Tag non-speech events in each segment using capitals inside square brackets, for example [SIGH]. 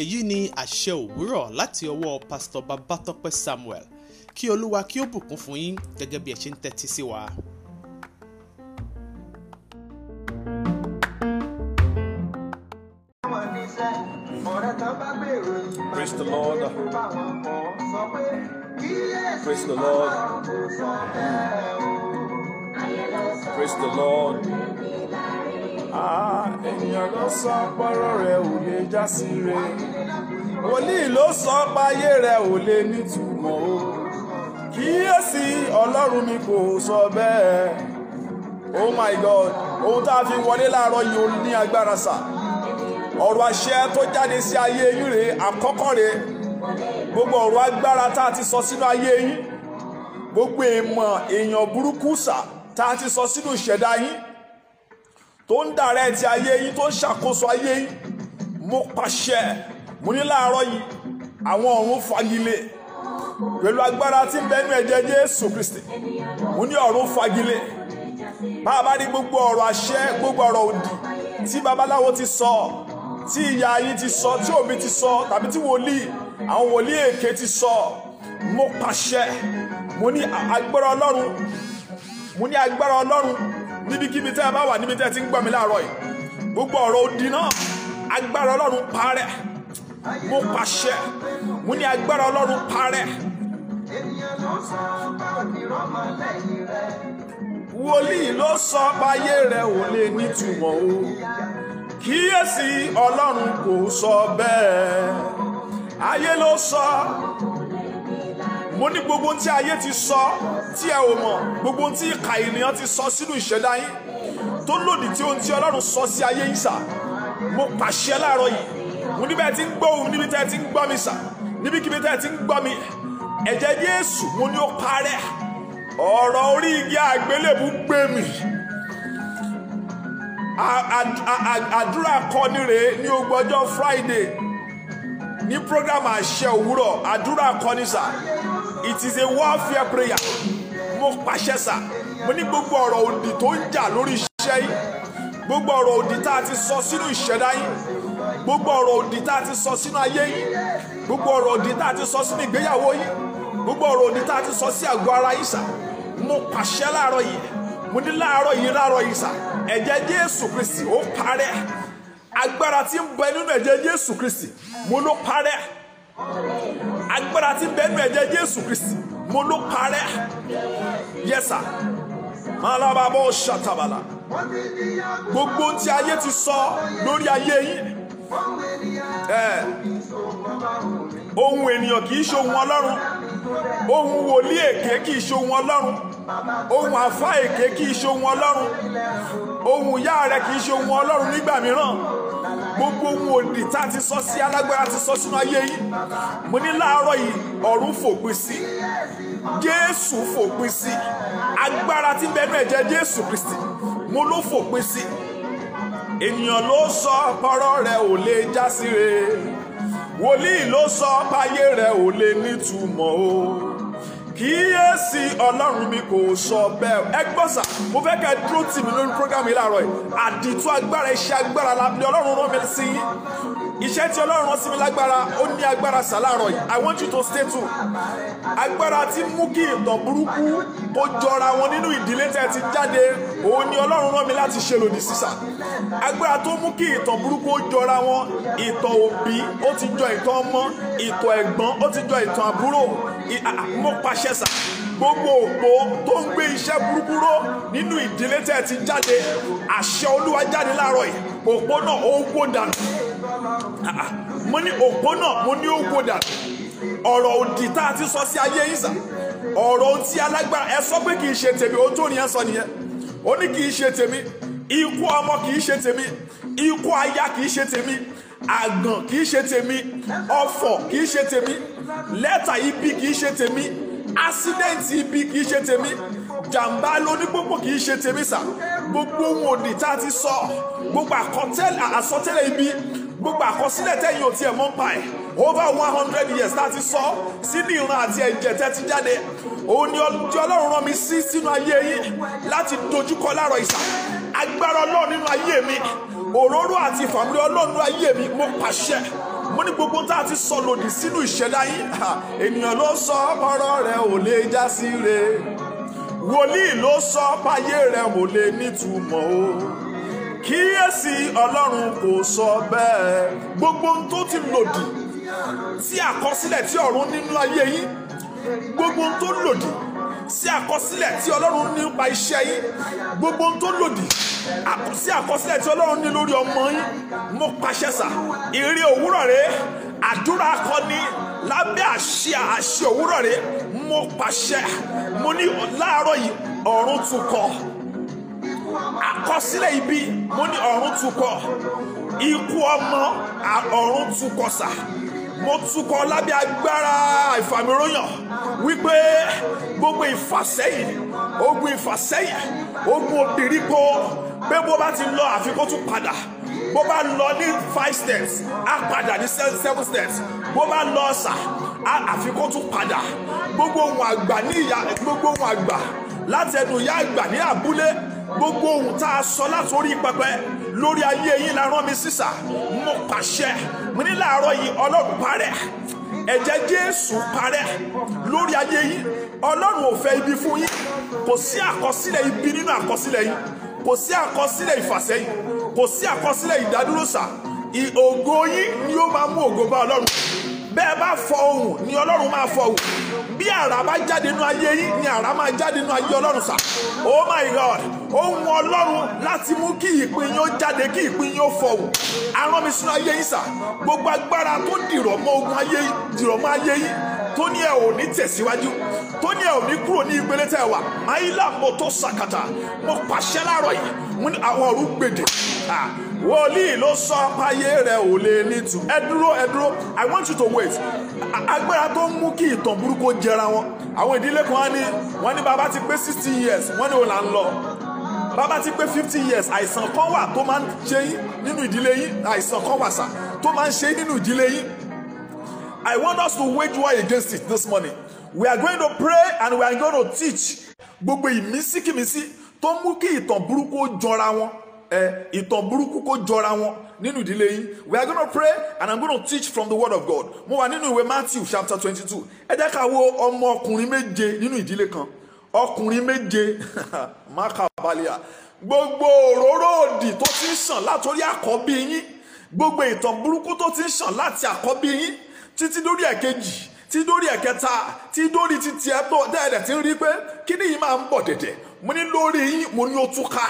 èyí ni àṣẹ òwúrọ̀ láti ọwọ́ pásítọ̀ Babatope Samuel kí Olúwa kí ó bùkún fún yín gẹ́gẹ́ bí ẹ ṣe ń tẹ́tí sí wa. Praise the Lord. Praise the Lord. the Lord. Ah, ènìyàn ló sọ pọ́rọ̀ rẹ̀ ò lè já sí rẹ̀ wòlíì ló sọ páyé rẹ̀ ò lè nítumọ̀ o kíyèsí ọlọ́run mi kò sọ bẹ́ẹ̀ oh my god ohun tá a fi wọlé láàárọ̀ yìí ó ní agbára sà ọ̀rọ̀ àṣẹ tó jáde sí ayé yín rèé àkọ́kọ́ rèé gbogbo ọ̀rọ̀ agbára tá a ti sọ sínú ayé yín gbogbo èèmọ̀ èèyàn burúkú sà tá a ti sọ sínú ìṣẹ̀dá yín tó ń dàrẹ́ ti ayé yín tó ń ṣàkóso ayé yín mo pàṣẹ mo ní láàárọ̀ yìí àwọn ọ̀run fagilé pẹ̀lú agbára tí ń bẹnu ẹ̀jẹ̀ Jésù Kristi mo ní ọ̀run fagilé bá a bá ní gbogbo ọ̀rọ̀ àṣẹ gbogbo ọ̀rọ̀ òdì tí babaláwo ti sọ tí ìyá yín ti sọ tí òbí ti sọ tàbí tí wòlíì àwọn wòlíì èké ti sọ mo pàṣẹ mo ní agbára Ọlọ́run mo ní agbára ọlọ́run níbikíbi tẹ́ ẹ bá wà níbi tẹ́ ẹ ti ń gbọ́ mi láàárọ̀ yìí gbogbo ọ̀rọ̀ odi náà agbára ọlọ́run parẹ́ mo pàṣẹ mo ní agbára ọlọ́run parẹ́. wòlíì ló sọ báyé rẹ̀ ò lè nítumọ̀ o kíyèsí ọlọ́run kò sọ bẹ́ẹ̀ ayé ló sọ mo ní gbogbo tí ayé ti sọ tí ẹ ò mọ̀ gbogbo tí ìka ènìyàn ti sọ sínú ìṣẹ̀dá yín tó lòdì tí ohun tí ọlọ́run sọ sí ayé yín sà mo pàṣẹ láàárọ̀ yìí mo níbẹ̀ tí ń gbọ́ ohùn níbi tẹ́ ti ń gbọ́ mi sà níbikíbi tẹ́ ti ń gbọ́ mi ẹ̀jẹ̀ Jésù mo ní ó parẹ́ ọ̀rọ̀ orí igi àgbélébù gbé mi àdúrà kọ́ni rèé ní ogbó ọjọ́ Friday ní program àṣẹ òwúrọ̀ àdúrà kọ́ni sà it is a warfare prayer mo pàṣẹ sà mo ní gbogbo ọ̀rọ̀ òdì tó ń jà lórí iṣẹ́ yìí gbogbo ọ̀rọ̀ òdì tá a ti sọ sínú ìṣẹ̀dá yìí gbogbo ọ̀rọ̀ òdì tá a ti sọ sínú ayé yìí gbogbo ọ̀rọ̀ òdì tá a ti sọ sínú ìgbéyàwó yìí gbogbo ọ̀rọ̀ òdì tá a ti sọ sí àgọ́ ara yìí sà mo pàṣẹ láàárọ̀ yìí mo ní láàárọ̀ yìí láàárọ̀ yìí sà ẹ̀jẹ̀ Jésù Kristi ó parẹ́ agbára tí ń bẹ nínú ẹ̀jẹ̀ Jésù Kristi mo ló parẹ́ agbára tí bẹ́ẹ̀nu ẹ̀jẹ̀ jésù kristi mo ló parẹ́ yẹsà máa lábàá bọ́ ṣàtàbàlà gbogbo tí ayé ti sọ lórí ayé yìí ohun ènìyàn kì í ṣe ohun ọlọ́run ohun wòlíì èké kì í ṣe ohun ọlọ́run ohun àfá èké kì í ṣe ohun ọlọ́run ohun ìyá rẹ kì í ṣe ohun ọlọ́run nígbà mìíràn gbogbo ohun òdì tá a ti sọ sí alágbára ti sọ sínú ayé yìí mo ní láàárọ̀ yìí ọ̀run fòpin sí jésù fòpin sí agbára tí bẹnu ẹ̀jẹ̀ jésù kristi mo ló fòpin sí ènìyàn ló sọ pọ́rọ́ rẹ̀ ò lè jásíre wòlíì ló sọ páyé rẹ̀ ò lè nítumọ̀ o kíyèsí ọlọ́run mi kò sọ bẹ́ẹ̀ ẹ gbọ́ sà mo fẹ́ kẹ́ dúró tì mí lórí program yìí láàárọ̀ yìí àdìtú agbára iṣẹ́ agbára ni ọlọ́run rán mi sí yín iṣẹ́ tí ọlọ́run rán sí mi lágbára ó ní agbára sàláàrọ̀ yìí i want you to stay tuned agbára tí mú kí ìtàn burúkú kó jọra wọn nínú ìdílé tẹ́ ti jáde òun ni ọlọ́run rán mi láti ṣe lòdì sísà agbára tó mú kí ìtàn burúkú ó jọra wọn ìtàn òbí ó ti jọ ìtàn ọmọ ìtàn ẹ̀gbọ́n ó ti jọ ìtàn àbúrò ah, ah, mo pàṣẹ sà gbogbo òpó tó ń gbé iṣẹ́ burúkú ró nínú ìdílé tẹ́ ti jáde àṣẹ olúwa jáde láàárọ̀ yìí òpó náà ó wó dànù Ah, ah. mo ní òpó náà mo ní ògo dàbí ọ̀rọ̀ òdì tá a ti sọ sí ayé ìsà ọ̀rọ̀ ohun tí alágbára ẹ sọ pé kì í ṣe tèmi ohun tó nìyẹn sọ nìyẹn ó ní kì í ṣe tèmi ikú ọmọ kì í ṣe tèmi ikú aya kì í ṣe tèmi àgàn kì í ṣe tèmi ọ̀fọ̀ kì í ṣe tèmi lẹ́tà ibi kì í ṣe tèmi ásídẹ́ǹtì ibi kì í ṣe tèmi jàǹbá lónípòpò kì í ṣe tèmi sà gbogbo ohun òdì tá a ti sọ gbogbo àkọtẹ́lẹ̀ àsọtẹ́lẹ̀ ibi gbogbo àkọsílẹ̀ tẹ́yìn ò tiẹ̀ mọ́ pa ẹ̀ over one hundred years láti sọ sínú ìran àti ẹ̀jẹ̀ tẹ́ ti jáde òun ni ọlọ́run rán mi sí sínú ayé yìí láti dojúkọ láàrọ̀ ìsà agbára ọlọ́run nínú ayé mi òróró àti ìfàmìlẹ̀ ọlọ́run nínú ayé mi mo pàṣẹ mo ní gbogbo tá a ti sọ lòdì sínú ìṣẹ̀dá yín ènìyàn ló sọ ọ̀rọ̀ rẹ̀ ò lè já sí re wòlíì ló sọ páyé rẹ̀ ò lè nítumọ̀ o kíyèsí ọlọ́run kò sọ bẹ́ẹ̀ gbogbo ohun tó ti lòdì sí àkọsílẹ̀ tí ọ̀run nínú ayé yín gbogbo ohun tó lòdì sí àkọsílẹ̀ tí ọlọ́run ní nípa iṣẹ́ yín gbogbo ohun tó lòdì sí àkọsílẹ̀ tí ọlọ́run ní lórí ọmọ yín mo pàṣẹ sà ìrì òwúrọ̀ rẹ àdúrà akọni lábẹ́ àṣẹ àṣẹ òwúrọ̀ rẹ mo pàṣẹ mo ní láàárọ̀ yìí ọ̀run tún àkọsílẹ̀ ibi mo ní ọ̀run tukọ̀ ikú ọmọ ọ̀run tukọ̀ sà mo tukọ̀ lábẹ́ agbára ìfàmìróyàn wípé gbogbo ìfàsẹ́yìn ogun ìfàsẹ́yìn ogun obìnrin kó pé bó bá ti lọ àfi kó tún padà bó bá lọ ní five steps á padà ní seven steps bó bá lọ ọ̀sà àfi kó tún padà gbogbo ohun àgbà ní ìyá gbogbo ohun àgbà láti ẹnu ìyá àgbà ní abúlé gbogbo ohun tá a sọ látòrí pẹpẹ lórí ayé yín la rán mi sísà mo pàṣẹ mo ní láàárọ̀ yìí ọlọ́run parẹ́ ẹ̀jẹ̀ jésù parẹ́ lórí ayé yín ọlọ́run ò fẹ́ ibi fún yín kò sí àkọsílẹ̀ ibi nínú àkọsílẹ̀ yín kò sí àkọsílẹ̀ ìfàsẹ́yìn kò sí àkọsílẹ̀ ìdádúrósà ògo yín ni ó máa mú ògo bá ọlọ́run bẹ́ẹ̀ bá fọ ohùn ni ọlọ́run máa fọ ohùn bí àrà bá jáde nínú ayé yín ni àrà máa jáde nínú ayé ọlọ́run sà oh my god ohun ọlọ́run láti mú kí ìpín yín ó jáde kí ìpín yín ó fọ̀hùn arán mi sínú ayé yín sà gbogbo agbára tó dìrọ̀ mọ́ ogun ayé dìrọ̀ mọ́ ayé yín tó ní ẹ ò ní tẹ̀síwájú tó ní ẹ ò ní kúrò ní ìpele tẹ́ wà àyílà mo tó sàkàtà mo pàṣẹ láàárọ̀ yìí mo ní àwọn ọ̀rú gbèdè wòlíì ló sọ páyé rẹ ò lè nítù ẹ dúró ẹ dúró i want you to wait agbára tó ń mú kí ìtàn burúkú jẹra wọn àwọn ìdílé kan wá ní wọn ní bàbá ti pé sixty years wọn ní òun là ń lọ bàbá ti pé fifty years àìsàn kan wà tó máa ń ṣe yín nínú ìdílé yín àìsàn kan wà sà tó máa ń ṣe yín nínú ìdílé yín I want us to wage war against it this morning we are going to pray and we are going to teach gbogbo ìmísíkìmísí tó mú kí ìtàn burúkú ó jọra wọn ẹ ìtàn burúkú kó jọra wọn nínú ìdílé yín we are going to pray and i'm to teach from the word of God mo wà nínú ìwé Matthew chapter twenty two ẹ jẹ́ ká wo ọmọkùnrin méje nínú ìdílé kan ọkùnrin méje [LAUGHS] makabalia gbogbo òróró òdì tó ti ń sàn látòrí àkọ́bí yín gbogbo ìtàn burúkú tó ti ń sàn láti àkọ́bí yín títí dórí ẹ̀kejì tí dórí ẹ̀kẹta tí dórí títí ẹ̀ tó dẹ́ẹ̀dẹ̀ tí ń rí pé kíní yìí máa ń bọ̀ dẹ̀dẹ̀ mo ní lórí yín mo ní ó túká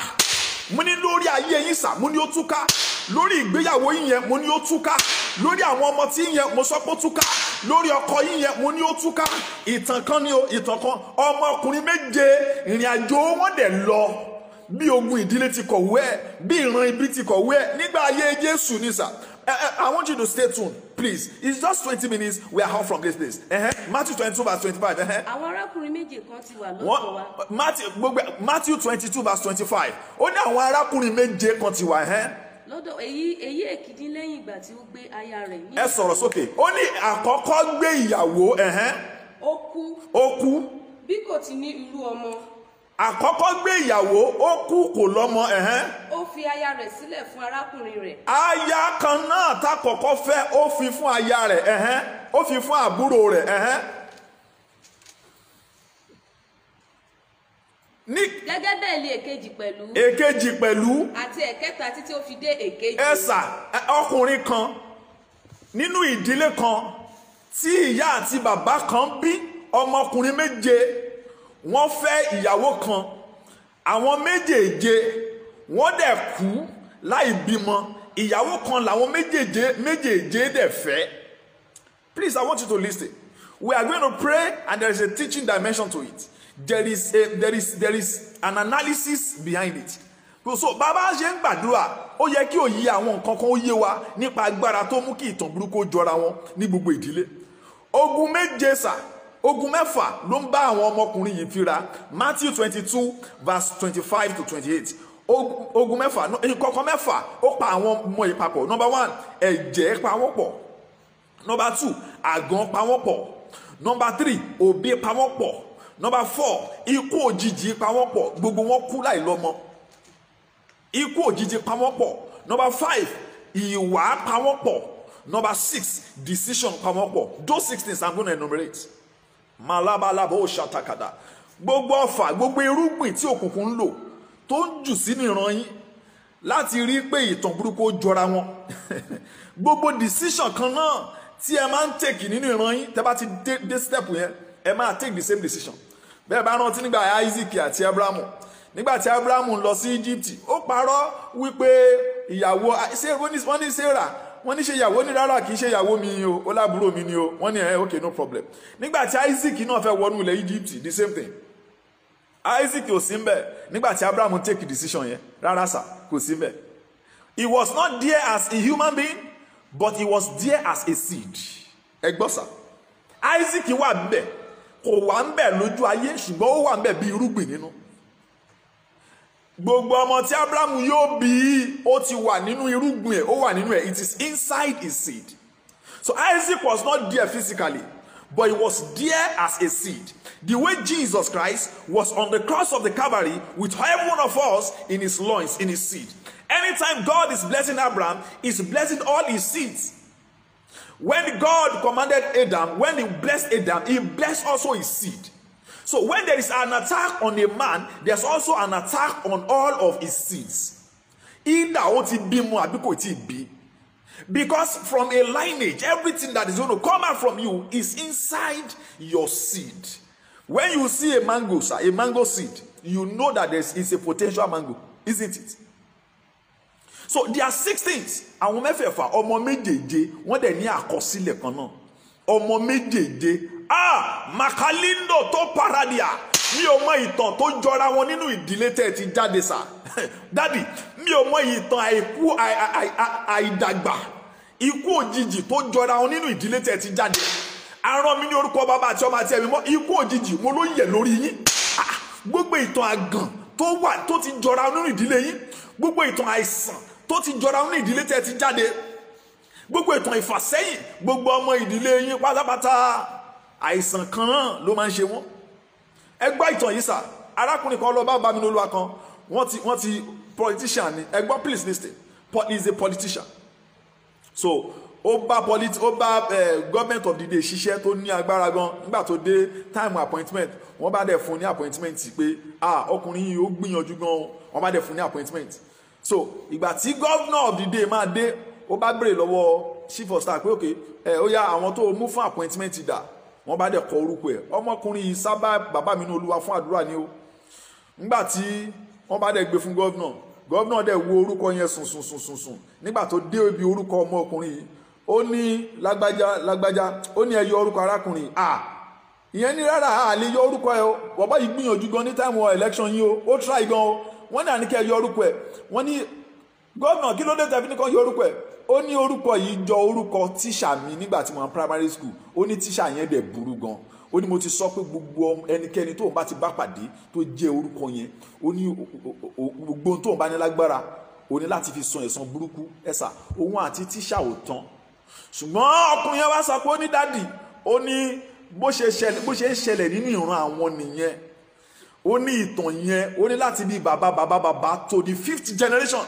mo ní lórí ayé yín sà mo ní ó túká lórí ìgbéyàwó yín yẹn mo ní ó túká lórí àwọn ọmọ tí yẹn mo sọ pé ó túká lórí ọkọ yín yẹn mo ní ó túká ìtàn kan ni o ìtàn kan ọmọkùnrin méje ìrìn àjò wọn dẹ̀ lọ bí ogun ìdílé ti kọ̀wé ẹ̀ bí ìran ibi ti kọ̀wé ẹ̀ nígbà ayé Jésù ni sà I, want you to stay tuned, please. It's just twenty minutes. We are out from this place. Uh-huh. Matthew twenty-two verse twenty-five. Uh-huh. Àwọn arákùnrin Matthew Matthew twenty-two verse twenty-five. Ó ní àwọn arákùnrin méje kan ti wà. Uh-huh. Lọ́dọ̀ èyí èyí èkìdí lẹ́yìn ìgbà tí ó gbé aya rẹ̀ ní. Ẹ sọ̀rọ̀ sókè. Ó ní àkọ́kọ́ gbé ìyàwó. Uh-huh. Ó kú. Ó kú. Bí kò ti ní irú ọmọ àkọ́kọ́ gbé ìyàwó ó kú kò lọ́mọ ẹ̀hẹ́n. ó fi aya rẹ̀ sílẹ̀ fún arákùnrin rẹ̀. aya kan náà tá kọ́kọ́ fẹ́ ó fi fún aya rẹ̀ ẹ̀hẹ́n ó fi fún àbúrò rẹ̀ ẹ̀hẹ́n. ní. gẹ́gẹ́ bẹ́ẹ̀ ni èkejì pẹ̀lú. èkejì pẹ̀lú. àti ẹ̀kẹta títí ó fi dé èkejì. ẹ̀sà ọkùnrin kan nínú ìdílé kan tí ìyá àti bàbá kan bí ọmọkùnrin méje wọ́n fẹ́ ìyàwó kan àwọn méjèèje wọ́n dẹ̀ kú láì bímọ ìyàwó kan làwọn méjèèje méjèèje dẹ̀ fẹ́ please i want you to listen we are going to pray and there is a teaching dimension to it there is a there is there is an analysis behind it so bàbá ṣe ń gbàdúrà ó yẹ kí òye àwọn nǹkan kan ó yé wa nípa agbára tó mú kí ìtàn burúkú jọra wọn ní gbogbo ìdílé ogun méje sáà ogun mẹ́fà ló ń bá àwọn ọmọkùnrin yìí fira Matthew twenty two verse twenty five to twenty eight ogun mẹ́fà eh, kọ̀ọ̀kan mẹ́fà ó pa àwọn ọmọ yìí papọ̀ number one ẹ̀jẹ̀ pa wọ́n pọ̀ number two àgàn pa wọ́n pọ̀ number three òbí pa wọ́n pọ̀ number four ikú òjijì pa wọ́n pọ̀ gbogbo wọn kú láì lọ́mọ ikú òjijì pa wọ́n number five ìwà pa wọ́n pọ̀ number six decision pa wọ́n pọ̀ those six things i'm gonna enumerate malabalabo ṣàtàkàdà gbogbo ọfà gbogbo irúgbìn tí òkùnkùn ń lò tó ń jù sínú ìran yín láti rí pé ìtàn burúkú ó jọra wọn [LAUGHS] gbogbo decision kan náà tí ẹ máa ń tèkì nínú ìran yín tẹ bá ti dé step yẹn ẹ máa take the same decision bẹ́ẹ̀ bá rántí nígbà Isaac àti Abrahamu nígbà tí Abrahamu lọ sí Egypt ó parọ́ wípé ìyàwó wọ́n ní Sarah wọ́n ní ṣe ìyàwó ní rárá kì í ṣe ìyàwó mi o ó lábúrò mi ni o wọ́n ní ẹ̀ eh, ok no problem nígbà tí Isaac náà fẹ́ wọnú ilẹ̀ Egypt the same thing Isaac ò sí mbẹ̀ nígbà tí Abraham take decision yẹn rárá sà kò sí mbẹ̀ he was not there as a human being but he was there as a seed ẹ gbọ́ sà Isaac wà mbẹ̀ kò wà mbẹ̀ lójú ayé ṣùgbọ́n ó wà mbẹ̀ bí irúgbìn nínú. No? gbogbo ọmọ tí abrahamu yóò bí ó ti wà nínú irúgbìn ẹ̀ ó wà nínú ẹ̀ it is inside his seed so isaac was not there physically but he was there as a seed the way jesus christ was on the cross of the calvary with every one of us in his loins in his seed anytime god is blessing abraham is blessing all his seeds when god commanded adam when he blessed adam he blessed also his seed So when there is an attack on a man, there's also an attack on all of his seeds. Either ó ti bímọ àbí kò Because from a lineage, everything that is going to come out from you is inside your seed. When you see a mango, a mango seed, you know that there is a potential mango, isn't it? So there are six things. Àwọn mẹ́fẹ̀ẹ̀fà ọmọ méjèèje wọ́n dẹ̀ ní àkọsílẹ̀ kan náà. Ọmọ méjèèje ah makalindo tó paradia mi ò mọ ìtàn tó jọra wọn nínú ìdílé tẹ́ ẹ ti jáde sá [LAUGHS] dádì mi ò mọ ìtàn àìkú àìdàgbà ikú òjijì tó jọra wọn nínú ìdílé tẹ́ ẹ ti jáde aràn mi ní orúkọ bàbá àti ọmọ àti ẹ̀mí mọ́ ikú òjijì mo ló yẹ lórí yín ah, gbogbo ìtàn àgàn tó wà tó ti jọra nínú ìdílé yín gbogbo ìtàn àìsàn tó ti jọra nínú ìdílé tẹ́ ẹ ti jáde gbogbo ìtàn ìfàsẹ́yìn gbogbo ọmọ ìdílé yín pátápátá àìsàn kan náà ló máa ń ṣe wọ́n ẹ gbọ́ ìtàn yìí sà arákùnrin kan lọ bá bá mi ní olúwa kan wọ́n ti wọ́n ti politician ni ẹ please listen he is a politician so ó bá politi ó bá eh, government of the day ṣiṣẹ́ tó ní agbára gan nígbà tó dé time appointment wọ́n bá dẹ̀ fún ní appointment pé ah ọkùnrin yìí ó gbìyànjú gan wọ́n bá dẹ̀ fún ní appointment so ìgbà tí governor of the day máa dé ó bá béèrè lọ́wọ́ chief of staff pé ok ẹ eh, ó yá àwọn tó mú fún appointment dà wọ́n bá dẹ̀ kọ orúkọ ẹ̀ ọmọkùnrin yìí sábà bàbá mi ní olúwa fún àdúrà ni ó nígbà tí wọ́n bá dẹ̀ gbé fún gọ́vnà gọ́vnà dẹ̀ wo orúkọ yẹn sùn sùn sùn sùn sùn nígbà tó dé ibi orúkọ ọmọkùnrin yìí ó ní lágbájá lágbájá ó ní ẹ yọ orúkọ arákùnrin à ìyẹn ní rárá a lè yọ orúkọ ẹ o bàbá yìí gbìyànjú gan ní táìmù election yìí o ó try gan o wọ́n ní àníkẹ́ yọ orúkọ ẹ wọ́n ní gọ́vnà kí ló dé tẹ̀fínìkan ó ní orúkọ yìí jọ orúkọ tíṣà mi nígbà tí mo wà primary school ó ní tíṣà yẹn dẹ̀ burú gan ó ní mo ti sọ pé gbogbo ẹnikẹ́ni tóun bá ti bá pàdé tó jẹ́ orúkọ yẹn ó ní gbogbo tóun bá ní lágbára ó ní láti fi san ẹ̀san burúkú ẹ̀sà òun àti tíṣà ò tán ṣùgbọ́n ọkùnrin yẹn wá sọ pé ó ní dádì ó ní bó ṣe ń ṣẹlẹ̀ nínú ìran àwọn nìyẹn ó ní ìtàn yẹn ó ní láti bí bàbá bàbá bàbá to the fifth generation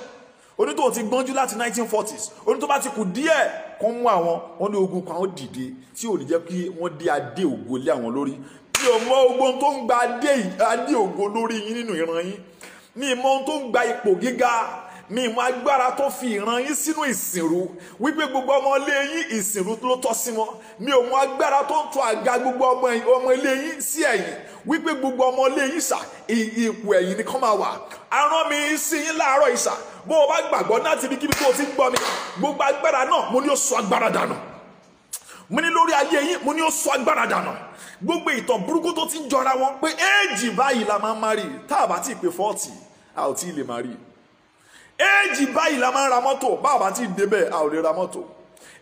Oni onítòun ti gbọ́njú láti 1940s onítòun bá ti kù díẹ̀ kó mú àwọn wọn ní ogun kan àwọn dìde tí ò ní jẹ́ kí wọ́n dé adé ògo lé àwọn lórí mi ò mọ ogun tó ń gba adé ògo lórí yín nínú ìran yín mi mọ ohun tó ń gba ipò gíga mi mọ agbára tó fi ìran yín sínú ìsìnrú wípé gbogbo ọmọ ilé yín ìsìnrú ló tọ́ sí wọn mi ò mọ agbára tó ń tún àga gbogbo ọmọ ilé yín sí ẹ̀yìn wípé gbogbo ọmọ ilé yín sà ipò ẹ̀yìn nìkan máa wà arán mi sí yín láàárọ̀ ìsà bó o bá gbàgbọ́ láti ibi kíbi tó o ti gbọ́ mi gbogbo agbára náà mo ní ó sọ agbára dànù mo ní lórí ayé yín mo ní ó sọ agbára dànù gbogbo ìtàn burúkú tó ti ń jọra wọn pé éèjì báyìí la máa ń má rí tá a bá ti pé fọ́ọ̀tì a ò tí ì lè má rí éèjì báyìí la máa ń ra mọ́tò bá a bá ti débẹ̀ a ò lè ra mọ́tò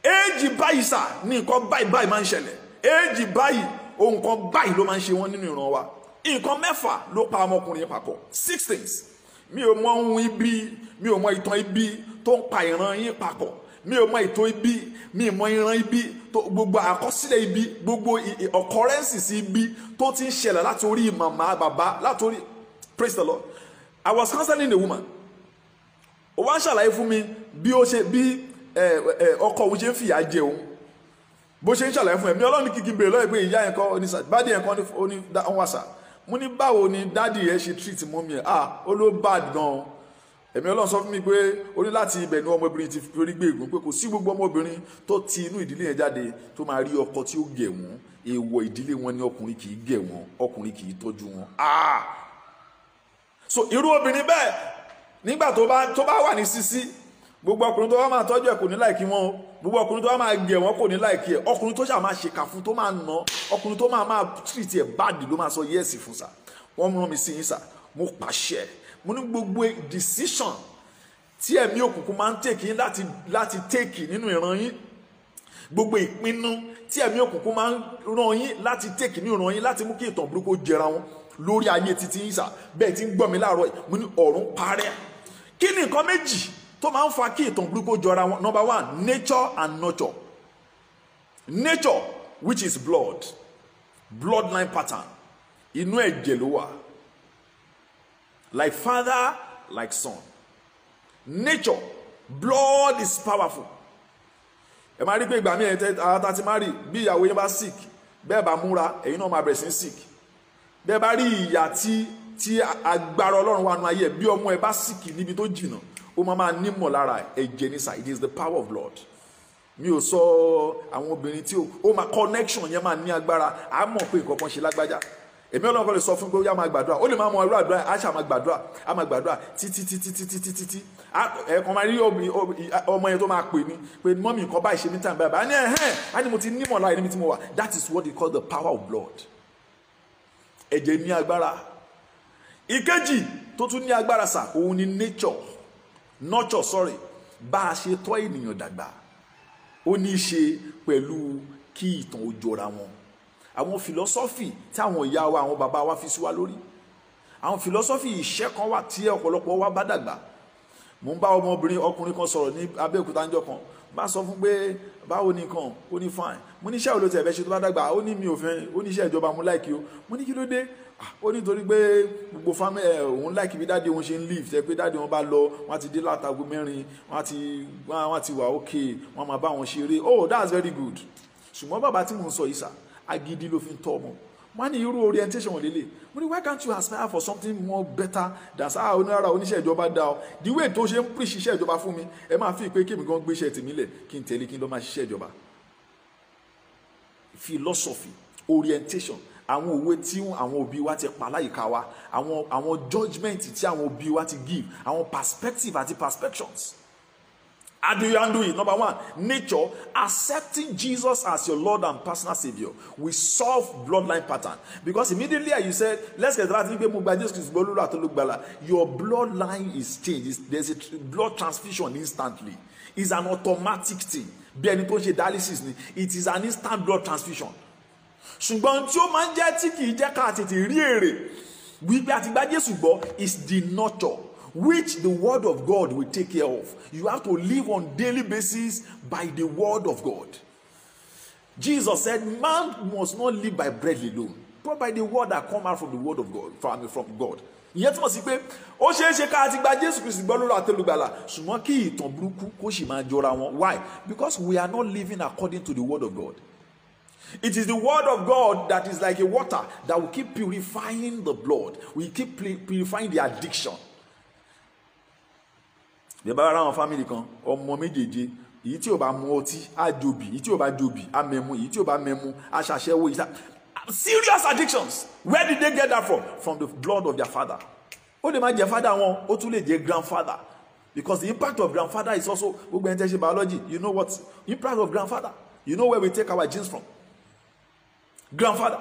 éèjì báyìí sà ní nǹkan báyìí báyìí máa ń ṣẹlẹ̀ éèjì báyìí ohun kan báyìí ló máa ń ṣe wọ́n nínú ìran wa nǹkan mẹ́fà ló pa ọmọkùnrin papọ̀ six things mi ò mọ ohun ibi mi ò mọ ìtàn ibi tó ń pa ìran yín papọ̀ mi ò mọ ìtàn ibi mi ò mọ ìran ibi tó gbogbo àkọsílẹ̀ ibi gbogbo occurrences ibi tó ti ń ṣẹlẹ̀ láti orí màmá bàbá láti orí praise the lord i was counseling the woman ó wá ń ṣàlàyé fún mi bí ó ṣe bí ọkọ òun ṣe ń fìyà jẹ òun bó ṣe ń ṣàlàyé fún mi ọlọ́run kìkì béèrè lọ́yẹ̀ pé ìyá yẹn kọ́ oníṣàdìbádìí yẹn kọ́ oníṣàdìbádìí yẹn mo ní báwo ni dáàdì yẹn ṣe treat mọ́mí ẹ̀ ah ó ló bad gan-an ẹ̀mí ọlọ́run sọ fún mi pé ó ní láti ibẹ̀ ni ọmọbìnrin ti fi orí gbé ègún pé kò sí gbogbo ọmọbìnrin tó ti inú ìdílé yẹn jáde tó máa rí ọkọ tí ó gẹ̀ wọ́n èèwọ̀ ìdílé wọn ni ọkùnrin kì í gẹ̀ wọ́n ọkùnrin kì í tọ́jú wọn ah so irú obìnrin bẹ́ẹ̀ nígbà tó bá wà ní sísí gbogbo ọkùnrin tó bá máa tọ́jú ẹ̀ kò ní láì kí wọ́n o gbogbo ọkùnrin tó wá máa gẹ̀ wọ́n kò ní láìkí ẹ̀ ọkùnrin tó ṣà máa ṣèkà fún tó máa ná ọkùnrin tó máa máa treat ẹ̀ báàdì ló máa sọ yẹ́ẹ̀sì fún sà wọ́n rán mi sí yín sà mo pàṣẹ mo ní gbogbo decision tí ẹ̀mí òkùnkùn máa ń tèkì yín láti láti tèkì nínú ìran yín gbogbo ìpinnu tí ẹ̀mí òkùnkùn máa ń ràn yín láti tèkì ní ìran yín láti mú kí ìtàn burúkú jẹra wọn lórí ayé titi yín sà bẹ́ẹ̀ tí ń gbọ́ mi láàárọ̀ yìí mo ní ọ̀run parẹ́ kí ni nǹkan méjì tó máa ń fa kí ìtàn burúkú jọra wọn number one nature and nurture nature which is blood bloodline pattern inú ẹ̀jẹ̀ ló wà like father like son nature blood is powerful ẹ máa rí pé ìgbà míì ẹ̀ tẹ́ ti máa rí bí ìyàwó yín bá sick bẹ́ẹ̀ bá múra ẹ̀yin náà máa bẹ̀rẹ̀ sí sick bẹ́ẹ̀ bá rí ìyá tí tí agbára ọlọ́run wà nù ayé ẹ̀ bí ọmọ ẹ bá sick níbi tó jìnnà ó máa máa nímọ̀ lára ẹ̀jẹ̀ ní sa it is the power of blood mi ò sọ àwọn obìnrin tí ó máa connection yẹn máa ní agbára á mọ̀ pé nǹkan kan ṣe lágbájá èmi ọlọ́run kan lè sọ fún pé ó yá máa gbàdúrà ó lè máa mọ ẹrú àdúrà á ṣà máa gbàdúrà á máa gbàdúrà títí títí títí títí tí ẹ̀ẹ̀kan máa rí ọmọ yẹn tó máa pè mí pé mọ́mì nǹkan báyìí ṣe mí tàn báyìí báyìí ẹ̀hẹ́n á ní mo ti nímọ̀ láì níbi tí mo wà that is what they call the power of blood ẹ̀jẹ̀ ní agbára ìkejì tó tún ní agbára sà òun ni nature nurture sorry bá a ṣe tọ́ ènìyàn dàgbà ó ní í ṣe pẹ̀lú kí ìtàn ó jọra wọn àwọn fìlọ́sọ́fì tí àwọn ìyá wa àwọn bàbá wa fi sí wa lórí àwọn fìlọ́sọ́fì ìṣẹ́ kan wà tí ọ̀pọ̀lọpọ̀ wa bá dàgbà mo ń bá ọmọbìnrin ọkùnrin kan sọ̀rọ̀ ní Abẹ́òkúta ńjọ́ kan bá sọ fún pé báwo ni nǹkan ó ní fine mo níṣẹ́ òlò tẹ̀ fẹ́ ṣe tó bá dàgbà ó ní mi ò fẹ́ ó níṣẹ́ ìjọba mo láìkí o mo ní kí ló dé ó nítorí pé gbogbo family ẹ òun láìkí bí dáàdi òun ṣe ń live tẹ pé dáàdi wọn bá lọ wọn ti dé látago mẹ́rin wọn ti wọn ti wà ok wọn máa bá wọn ṣeré oh that's very good ṣùgbọ́n bàbá tí mò ń sọ yìí sà agídí ló fi ń tọ́ ọmọ wọ́n ní irú orientation lélẹ̀ wọ́n ní why can't you aspire for something more better than sáà oníra oníṣẹ́ ìjọba dá ọ the way tó ṣe ń preach iṣẹ́ ìjọba fún mi ẹ máa fi pé kémi gan gbé iṣẹ́ tèmi lẹ̀ kí n tẹ̀lé kí n lọ́ọ́ máa ṣiṣẹ́ ìjọba philosophy orientation àwọn òwe tí àwọn òbí wa ti pa láyìíká wa àwọn àwọn judgement tí àwọn òbí wa ti give àwọn perspective àti perspections how do you handle it number one nature accepting jesus as your lord and personal savior. we solve bloodline pattern because immediately you said let's get right pé mo gba jesus christ gbolu àti olùgbàlà your bloodline is changed there's a blood transfusion instantly it's an automatic thing bí ẹni tó ń dialysis it is an instant blood transfusion ṣùgbọ́n tí ó máa ń jẹ́ tí kì í jẹ́ ká tètè rí èrè wípé àti Jésù gbọ́ is the nurture which the word of God will take care of. You have to live on daily basis by the word of God. Jesus said, "Man must not live by bread alone, but by the word that come out from the word of God, from, from God." ìyẹn túmọ̀ sí pé ó ṣeé ṣe ká ti gba Jésù Kristi gbọ́ lórí àtẹlùgbàlà ṣùgbọ́n kí ìtàn burúkú kó sì máa jọra wọn why? Because we are not living according to the word of God. It is the word of God that is like a water that will keep purifying the blood. We keep purifying the addiction. The ẹ bá ara àwọn fámìlì mommy, ọmọ méjèèjì, èyí tí multi bá mu ọtí, á jòbì, èyí tí ò bá jòbì, á mẹ̀mú, èyí tí ò bá mẹ̀mú, á Serious addictions. Where did they get that from? From the blood of their father. Ó lè má jẹ́ father wọn, ó tún lè jẹ́ grandfather. Because the impact of grandfather is also, gbogbo ẹni tẹ́ biology, you know what? Impact of grandfather, you know where we take our genes from grandfather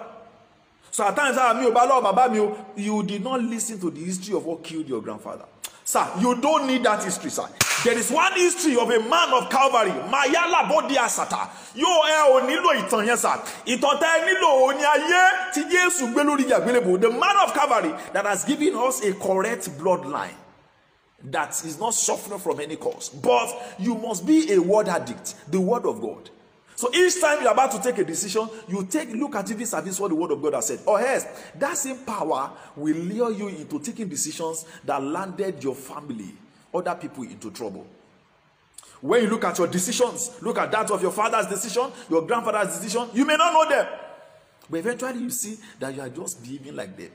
so at times ah mi ò bá lọ́wọ́ bàbá mi o you did not listen to the history of what killed your grandfather sir you don't need that history sir there is one history of a man of Calvary mayala bodi asata yóò ẹ ò nílò ìtàn yẹn sir ìtàn tẹ ẹ nílò ò ní ayé tí Jésù gbé lórí ìjàgbélébò the man of Calvary that has given us a correct bloodline that is not suffering from any cause but you must be a word addict the word of God So each time you're about to take a decision, you take look at it service what the word of God has said. Or else, that same power will lure you into taking decisions that landed your family, other people into trouble. When you look at your decisions, look at that of your father's decision, your grandfather's decision, you may not know them. But eventually you see that you are just behaving like them.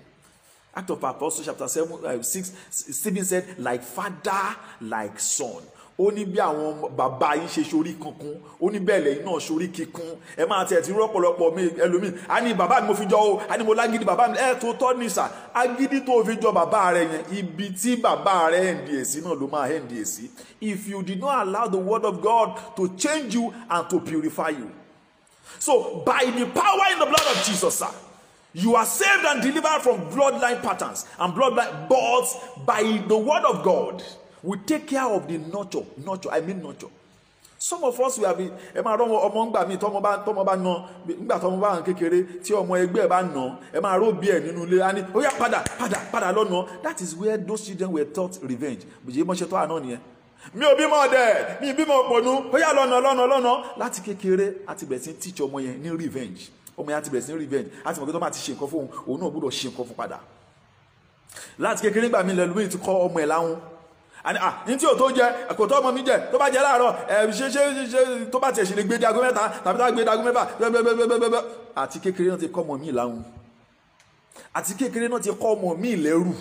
Act of Apostles chapter 7, uh, 6, Stephen said, like father, like son ó ní bí àwọn bàbá yín ṣe ṣorí kankan ó ní bẹ́ẹ̀ lẹ́yìn náà ṣorí kíkún ẹ máa tẹ̀ tí rọ́pọ̀lọpọ̀ mi ẹlòmíì á ní bàbá mi mo fi jọ o á ní mo lágídí bàbá mi ẹ tó tọ́ ní sà agídí tó fi jọ bàbá rẹ yẹn ibi tí bàbá rẹ hẹ̀ǹdì èsì náà ló máa hẹ̀ǹdì èsì if you did not allow the word of God to change you and to purify you so by the power in the blood of Jesus sir you are saved and delivered from bloodline patterns and bloodline but by the word of God we take care of the nurture nurture i mean nurture some of us we have been ẹ máa rọmọ ọmọ ńgbà míì tọmọ bá tọmọ bá nà ńgbà tọmọ bá hàn kékeré tí ọmọ ẹgbẹ́ ẹ bá nà ẹ máa ró bí ẹ nínú ilé á ní ó padà padà padà lọ́nà that is where those children were taught revenge bùjẹ́ mọ́ṣẹ́ tó àná nìyẹn mi ò bímọ ọdẹ mi bímọ òpònú ó yá lọ́nà lọ́nà lọ́nà láti kékeré àti bẹ̀rẹ̀ sí teach ọmọ yẹn ní revenge ọmọ yẹn àti bẹ̀rẹ̀ sí revenge àti mọ̀ pé tó máa ti ṣe nǹkan fún òun òun náà gbọ́dọ̀ ṣe nǹkan fún padà láti kékeré gbà mí lẹ́lùmí ti kọ́ ọmọ ẹ̀ láwọn àní à ah, ní tí ò tó jẹ kò tó ọmọ mi jẹ tó bá jẹ láàárọ̀ ẹ ṣe ṣe ṣe tó bá tiẹ̀ ṣe lè gbé dago mẹ́ta tàbí tá gbé dago mẹ́fà bẹ́ẹ̀bẹ́ẹ́bẹ́ẹ́bẹ́ àti kékeré náà ti kọ́ ọmọ mi láhùn àti kékeré náà ti kọ́ ọmọ mi lẹ́rù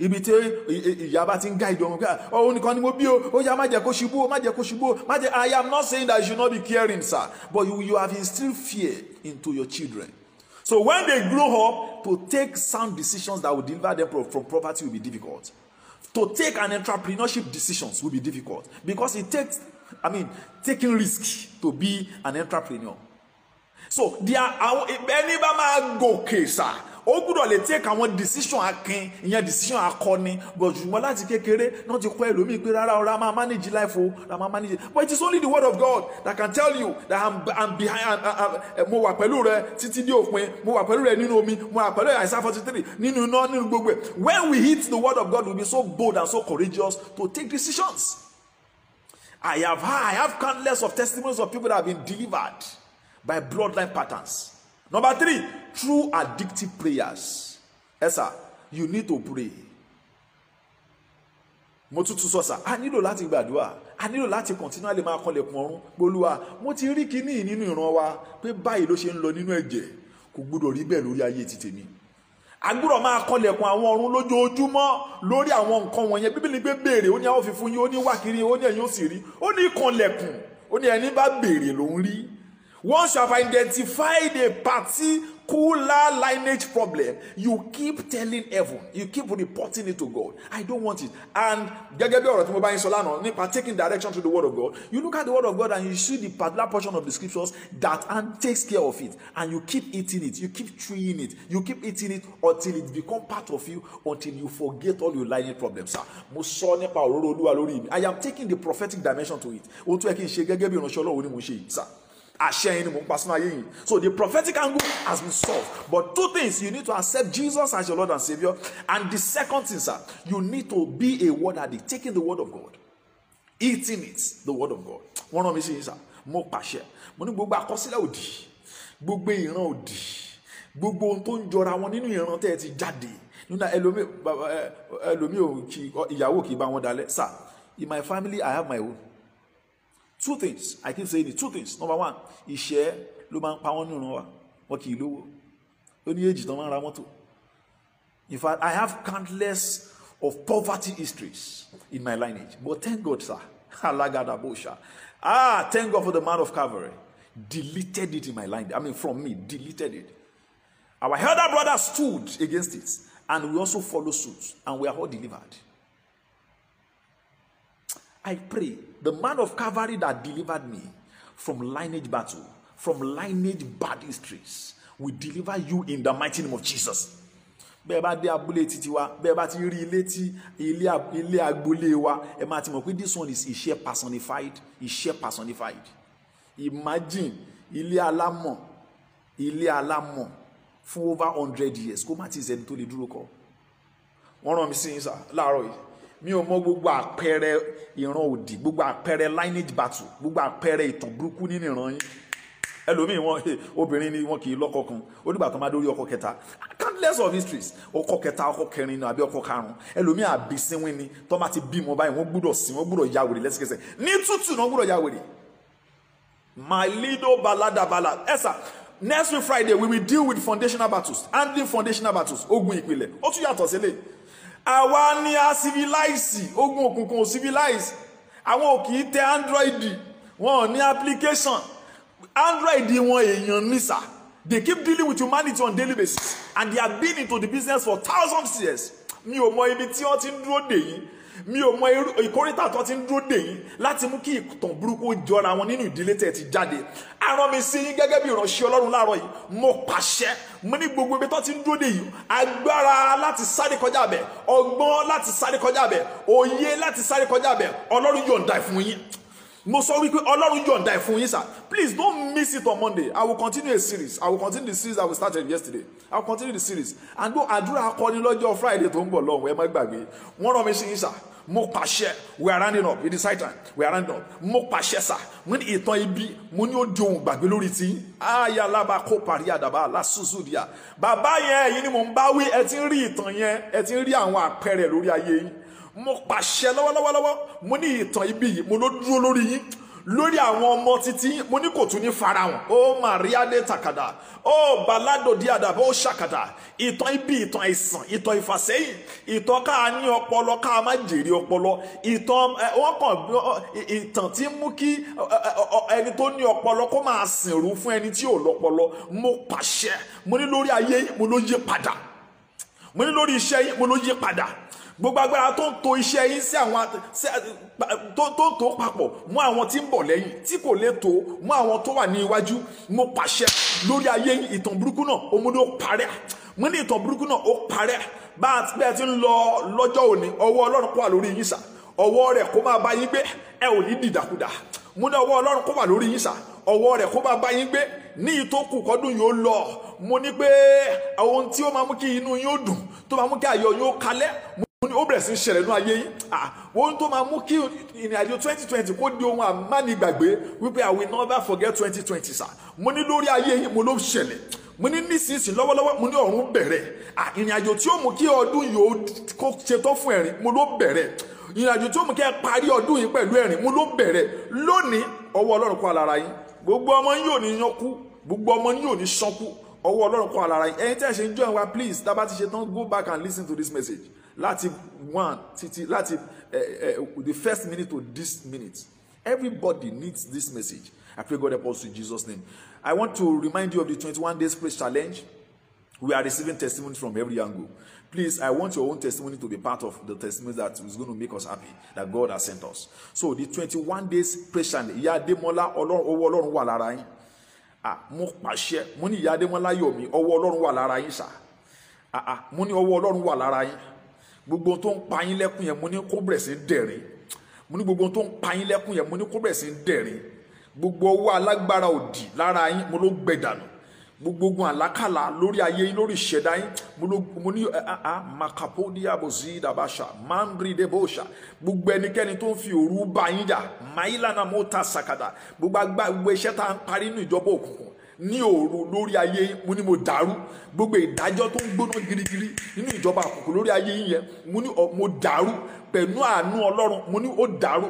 ibi tí ìyá bá ti ń gáìdì ọmọ pé ọ̀hún ah, nìkan ni mo bí o ó yá má jẹ́ kó ṣubú o má jẹ́ kó ṣubú o má jẹ́ I am not saying that you should not be caring sir but you, you have instilled fear into your children so when they grow up to take sound decisions that will deliver them from poverty will be difficult to take an entrepreneurship decisions will be difficult because it takes i mean taking risk to be an entrepreneur so there are ẹni bá máa gòkè sáà ó gbúdọ̀ lè take àwọn decision akin ìyẹn decision akọni but ṣùgbọ́n láti kékeré náà ti kọ́ ẹlòmíì pé rárá ọ̀rá máa manage life o ra máa manage but it is only the word of God that can tell you that I'm, I'm behind I'm, I'm, eh, mo wà pẹ̀lú rẹ títí dé òpin mo wà pẹ̀lú rẹ nínú omi mo wà pẹ̀lú rẹ àìsàn forty three nínú iná nínú gbogbo ẹ̀ when we hit the word of God we be so bold and so courageous to take decisions. I have I have countless of testimonies of people that have been delivered by bloodline patterns. Number three, True addictive prayers ẹ you need to pray mo tún tún sọ sà a nílò láti gbàdúrà a nílò láti continually máa kanlẹ̀kùn ọ̀run polúwa mo ti rí kíní nínú ìran wa pé báyìí ló ṣe ń lọ nínú ẹ̀jẹ̀ kò gbúdọ̀ rí bẹ́ẹ̀ lórí ayé ti tèmi agbúrọ̀ máa kanlẹ̀kùn àwọn ọ̀run lójoojúmọ́ lórí àwọn nǹkan wọ̀nyẹn bíbélì gbé béèrè ó ní a ó fi fún yín ó ní wá kiri ó ní ẹ̀yin ó sì rí ó ní kanlẹ̀kùn ó ní ẹni bá béèrè ló rí once you have identified a party cooler lineage problem, you keep telling heaven, you keep reporting it to God. I don't want it. And gẹ́gẹ́ bí ọ̀rọ̀ tí mo bá yín sọ lánàá nípa taking direction to the word of God, you look at the word of God and you see the particular portion of the scriptures that and takes care of it, and you keep eating it, you keep chewing it, you keep eating it until it become part of you, until you forget all your lineage problems. Sir, mo sọ nípa òróró olúwa lórí mi. I am taking the prophetic dimension to it. Ohun tó yẹ kí n ṣe gẹ́gẹ́ bí ìránṣẹ́ Ọlọ́run ni mo ṣe yìí, sir àṣẹ yẹn ni mò ń ayé yìí so the prophetic angle has been solved but two things you need to accept Jesus as your Lord and Savior and the second thing sir you need to be a word addict taking the word of God eating it the word of God wọ́n rán mi sí yín sir mo pàṣẹ mo ní gbogbo àkọsílẹ̀ òdì gbogbo ìran òdì gbogbo ohun tó ń jọra wọn nínú ìran tẹ́ ẹ ti jáde nínú ẹlòmíì ẹlòmíì ìyàwó kì í bá wọn dalẹ̀ sir in my family I have my own two things i keep saying it two things number one ìṣẹ́ ló máa ń pa wọ́n ní ìran wa wọn kì í lówó ó ní èjì tán máa ń ra mọ́tò in fact i have countless of poverty histories in my lineage but thank god sir [LAUGHS] alagada bosha ah thank god for the man of Calvary deleted it in my line i mean from me deleted it our elder brother stood against it and we also follow suit and we are all delivered. I pray the man of Calvary that delivered me from lineage battle, from lineage bad histories, will deliver you in the mighty name of Jesus. bẹ́ẹ̀ bá dé abúlé títí wa bẹ́ẹ̀ bá ti rí ilé tí ilé agboolé wa ẹ máa ti mọ̀ pé this one is iṣẹ́ personified iṣẹ́ personified imagine ilé alámọ̀ ilé alámọ̀ fún over hundred years kó má ti sẹ́ni tó lè dúró kọ́ wọ́n rán mi sí yín sá láàárọ̀ yìí mi ò mọ gbogbo àpẹẹrẹ ìran òdì gbogbo àpẹẹrẹ lineage battle gbogbo àpẹẹrẹ ìtàn burúkú nínú ìran yín ẹlòmíì wọn obìnrin ni wọn kì í lọ́kọ kan onígbà tó máa dórí ọkọ kẹta countless of histories ọkọ kẹta ọkọ kẹrin ni àbí ọkọ karùnún ẹlòmíì àbísínwín ni tó máa ti bímọ báyìí wọn gbúdọ̀ sí wọn gbúdọ̀ ya wèrè lẹ́sẹ̀kẹsẹ̀ ní tútù náà gbúdọ̀ ya wèrè my lido balada bala ẹ̀sà next week Friday we will deal with foundational battles handling foundational battles ogun ìpìlẹ̀ ó tún yàtọ̀ sílẹ̀ àwa ni a civilize ogun òkùnkùn ò civilize àwọn ò kì í tẹ android wọn ò ní application android wọn èèyàn nìsà they keep dealing with humanity on daily basis and they have been into the business for thousands years mi ò mọ ibi tí wọ́n ti ń dúró dè yìí mi ò mọ ìkórìtà tó ti ń dúró dè yín láti mú kí ìtàn burúkú jọra wọn nínú ìdílé tẹ̀ ti jáde arán mi sí yín gẹ́gẹ́ bí ìránṣẹ́ ọlọ́run láàárọ̀ yìí mo pàṣẹ mo ní gbogbo ibi tó ti ń dúró dè yìí agbára láti sáré kọjá bẹ̀ ọgbọ́n láti sáré kọjá bẹ̀ òye láti sáré kọjá bẹ̀ ọlọ́run yọ̀ǹda ẹ̀ fún yín mo sọ wípé ọlọ́run yọ̀ǹda ẹ̀ fún yín sir please don't miss it on monday i will continue a series i will continue the series i will started yesterday i will continue the series and go àdúrà akọni lọ́jọ́ friday tó ń bọ̀ lọ́hùn ẹ má gbàgbé wọ́n rán mi sí yín sir mo pàṣẹ we are running up it is high time we are running up mo pàṣẹ sà mo ní ìtàn ibi mo ní ó di ohun gbàgbé lórí ti aya laba kó parí àdàbà lásùsù díà bàbá yẹn èyí ni mò ń bá wí ẹ ti ń rí ìtàn yẹn ẹ ti ń rí àwọn àpẹẹrẹ lórí ayé yín mo pàṣẹ lọ́wọ́lọ́wọ́lọ́wọ́ mo ní ìtàn ibi yìí mo ló dúró lórí yín lórí àwọn ọmọ títí mo ní kò tún ní farahàn ó maria de takada ó balado diada bó ṣàkàdà ìtàn ibi ìtàn àìsàn ìtàn ìfàsẹ́yìn ìtàn ká ní ọpọlọ ká má jèrè ọpọlọ ìtàn wọn kàn ìtàn tí ń mú kí ẹni tó ní ọpọlọ kó máa sìnrú fún ẹni tí ò lọ́pọlọ mo pàṣẹ mo ní lórí ayé mo ló yí padà mo ní lórí iṣẹ́ mo ló yí padà gbogbo agbára tó ń to iṣẹ́ yín sí àwọn tó ń tó papọ̀ mọ́ àwọn tí ń bọ̀ lẹ́yìn tí kò lè tó mọ́ àwọn tó wà ní iwájú mo pàṣẹ lórí ayé yín ìtàn burúkú náà òmùdó parẹ́ mo ní ìtàn burúkú náà ó parẹ́ bá a ti ń lọ lọ́jọ́ òní ọwọ́ ọlọ́run kó wà lórí yín sà ọwọ́ rẹ̀ kó máa bá yín gbé ẹ ò ní dìdàkudà mo ní ọwọ́ ọlọ́run kó wà lórí yín sà ọwọ́ rẹ̀ kó máa bá yín gbé ní ìtókù kọ́dún yóò lọ mo ní pé ohun tí ó máa mú kí inú yín ó dùn tó máa mú kí ayọ̀ yín ó kalẹ̀ ó bẹ̀rẹ̀ sí ṣẹlẹ̀ nú ayé yìí ohun tó máa mú kí ìrìn àjò twenty kó di ohun àmánigbàgbé wípé I will never forget 2020, twenty sir mo ní lórí ayé yìí mo ló ṣẹlẹ̀ mo ní nísinsìnyí lọ́wọ́lọ́wọ́ mo ní ọ̀run bẹ̀rẹ̀ ìrìn àjò tí ó mú kí ọdún yìí ó ṣetán fún ẹ̀rín mo ló bẹ̀rẹ̀ ìrìn àjò tí ó mú kí ẹ parí ọdún yìí pẹ̀lú ẹ̀rín mo ló bẹ̀rẹ̀ lónìí ọwọ́ Ọlọ́run kọ́ alára yín gbogbo ọmọ yín ò ní yankú gbogbo ọmọ yín ò ní ṣánkú ọwọ́ Ọlọ́run kọ́ alára yín ẹ̀yin tí ẹ̀ ṣe ń join wa please tá ti ṣe tán go back and listen to this message láti one títí láti eh, eh, the first minute to this minute everybody needs this message i pray god help us in jesus name i want to remind you of the twenty-one days praise challenge we are receiving testimony from every angle please i want your own testimony to be part of the testimony that is going to make us happy that god has sent us so the twenty-one days praise challenge ìyá adémọlá ọlọ́run owó ọlọ́run wà lára ah mo pàṣẹ mo ní ìyá adémọlá yọ̀ mí ọwọ́ ọlọ́run wà lára yín ah ah mo ní ọwọ́ ọlọ́run wà lára yín gbogbo tó ń pa yín lẹ́kùn yẹn mo ní kó bẹ̀rẹ̀ sí dẹ̀rín mo ní gbogbo tó ń pa yín lẹ́kùn yẹn mo ní kó bẹ̀rẹ̀ sí dẹ̀rín gbogbo ọwọ́ alágbára òdì lára yín mo ló gbẹ dànù gbogbo ogun àlákàlà lórí ayé yín lórí ìṣẹ̀dá yín mo ní eh, ah, ah, makapodia bozi dabasha mandri debosha gbogbo ẹnikẹ́ni tó ń fi òru bá yín jà mailana mota sakada gbogbo agbá gbogbo iṣẹ́ tá à ń parí nínú ìjọba òkùnkùn ní òru lórí ayé mo ní mo dàrú gbogbo ìdájọ́ tó ń gbóná girigiri nínú ìjọba àkókò lórí ayé yín yẹn mo ní mo dàrú pẹ̀lú àánú ọlọ́run mo ní ó dàrú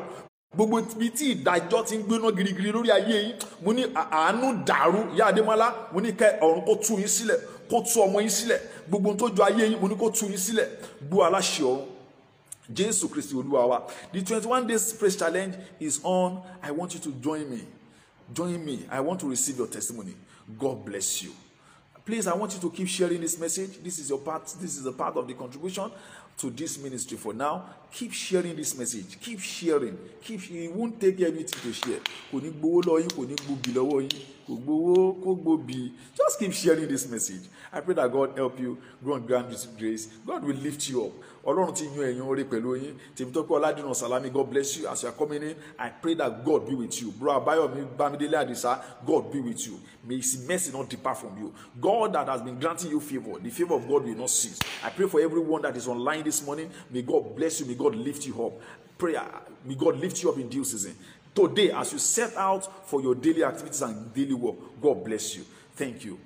gbogbo ibi tí ìdájọ́ ti ń gbóná girigiri lórí ayé yín mo ní àánú dàrú ìyá adémọ́lá mo ní kẹ́ ọ̀run kó tú yín sílẹ̀ kó tú ọmọ yín sílẹ̀ gbogbo ohun tó jọ ayé yín mo ní kó tú yín sílẹ̀ gbó aláṣẹ ọ̀run jésù kristi olúwa wa the twenty one days praise challenge is on i want you to join me. Join me. I want to receive your testimony. God bless you. Please, I want you to keep sharing this message. This is your part. This is a part of the contribution to this ministry for now keep sharing this message keep sharing keep he won't take anything to share kò ní gbowó lọ́wọ́ yín kò ní gbòbì lọ́wọ́ yín kò gbowó kò gbòbì just keep sharing this message i pray that god help you grow grant you grace god will lift you up ọlọ́run ti yan ẹ̀yàn oore pẹ̀lú yín tèmítọ́pẹ́ ọládùnà salami god bless you as you are coming in i pray that god be with you bro abayomi bamidele adisa god be with you may his mercy not depart from you god that has been granting you favour the favour of god will not cease i pray for everyone that is online this morning may god bless you may God lift you up. Prayer, may God lift you up in due season. Today, as you set out for your daily activities and daily work, God bless you. Thank you.